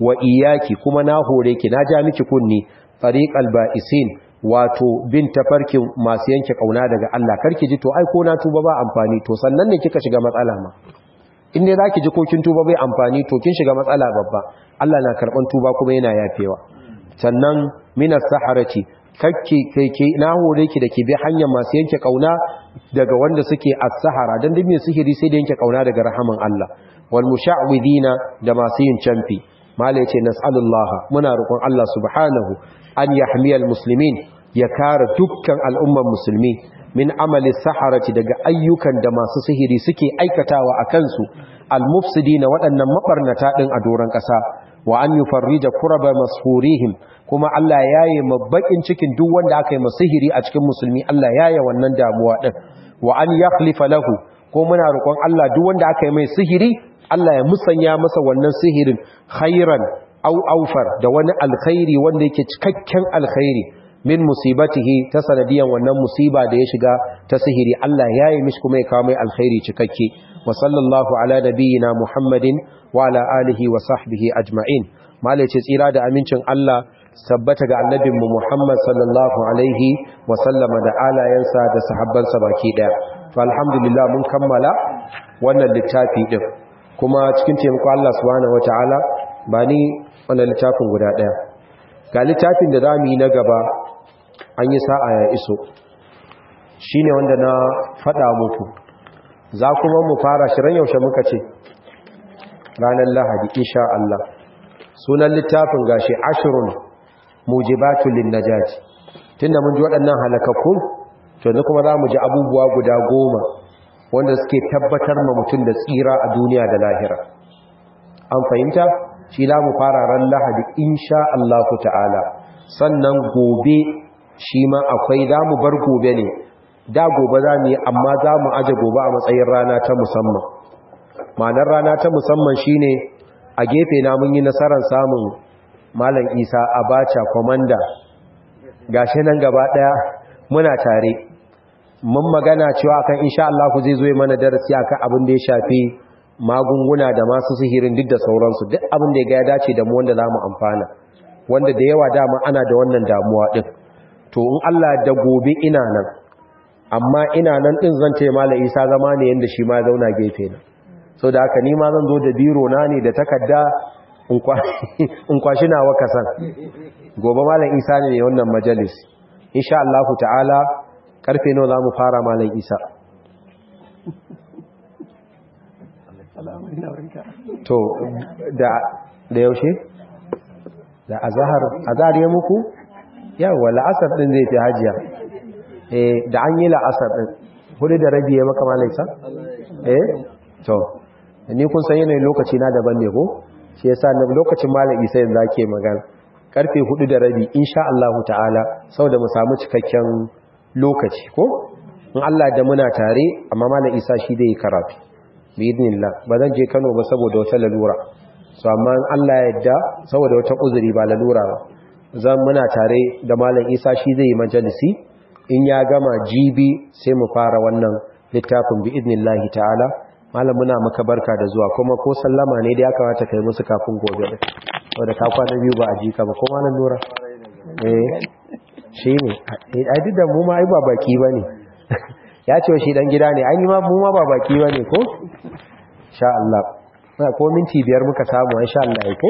Speaker 1: wa iyaki kuma na hore ki na ja miki kunni tariqal ba'isin wato bin tafarkin masu yanke kauna daga Allah karki ji to ai ko na tuba ba amfani to sannan ne kika shiga matsala ma in dai za ki ji kokin tuba bai amfani to kin shiga matsala babba Allah na karban tuba kuma yana yafewa sannan minas saharati kakki kake na hore ki da dake bi hanyar masu yanke kauna daga wanda suke as-sahara dan duk sihiri sai da yanke kauna daga rahaman Allah wal musha'widina da masu yin canfi mala yace nas'alullaha muna roƙon Allah subhanahu an yahmiyal muslimin ya kare dukkan al'umman musulmi min amali saharati daga ayyukan da masu sihiri suke aikatawa a kansu almufsidina waɗannan maɓarnata ɗin a doron ƙasa wa an yufarrija kuraba mashurihim kuma Allah yi mabbakin cikin duk wanda aka yi masihiri a cikin musulmi Allah yi wannan damuwa ɗin wa an yakhlifa lahu ko muna roƙon Allah duk wanda aka yi mai sihiri Allah ya musanya masa wannan sihirin khairan au aufar da wani alkhairi wanda yake cikakken alkhairi min musibatihi ta sanadiyan wannan musiba da ya shiga ta sihiri Allah ya yi mishi kuma ya kawo mai alkhairi cikakke wa sallallahu ala nabiyyina Muhammadin wa ala alihi wa sahbihi ajma'in mala ce tsira da amincin Allah sabbata ga annabinmu Muhammad sallallahu alaihi wa sallama da alayansa da sahabbansa baki daya to alhamdulillah mun kammala wannan littafi din kuma cikin taimako Allah subhanahu wataala ba ni wannan littafin guda daya ga littafin da zamu yi na gaba an yi sa'a ya iso shi ne wanda na faɗa muku za kuma mu fara shirin yaushe muka ce ranar lahadi isha Allah sunan littafin gashi ashirun na linnajaji tunda mun ji waɗannan halakakku to ne kuma za mu ji abubuwa guda goma wanda suke tabbatar ma mutum da tsira a duniya da lahira an fahimta shi za mu fara ran lahadi insha Allah ta'ala sannan gobe shi ma akwai za mu bar gobe ne da gobe za mu yi amma za mu aje gobe a matsayin rana ta musamman ma'anar rana ta musamman shine a gefe na mun yi nasarar samun malam isa abacha komanda shi nan gaba daya muna tare mun magana cewa akan insha Allah ku zai zo mana darasi akan abin da ya shafi magunguna da masu sihirin duk da sauransu duk abin da ya dace da mu wanda za mu amfana wanda da yawa dama ana da wannan damuwa din to in Allah da gobe ina nan amma ina nan din zan ce mala isa zama ne yanda shi ma zauna gefe na so da haka ni ma zan zo da biro na ne da takarda in kwashi nawa kasan gobe malam isa ne wannan majalis insha Allah ta'ala karfe nawa zamu fara malam isa to da yaushe da azahar azahar ya muku yawa la'asar ɗin zai fi hajiya eh, da an yi la'asar ɗin, hudu da rabi ya maka malaisa eh to ni kun san yanayin lokaci na daban ne ko shi yasa na lokacin malai isa yanzu ake magana karfe hudu da rabi insha Allah ta'ala saboda mu samu cikakken lokaci ko in Allah da muna tare amma malai isa shi dai karatu bi idnillah ba zan je Kano ba saboda wata lalura so amma Allah ya yarda saboda wata uzuri ba lalura ba zan muna tare da malam isa shi zai yi majalisi in ya gama jibi sai mu fara wannan littafin bi lahi ta'ala malam muna maka barka da zuwa kuma ko sallama ne da ya kamata kai musu kafin gobe wadda ka kwana biyu ba a ji ka ba kuma nan nura eh shi ne a duk da mu ma ai ba baki ne? ya ce shi dan gida ne an yi ma mu ma ba baki ne ko Sha Allah ko minti biyar muka samu insha Allah ko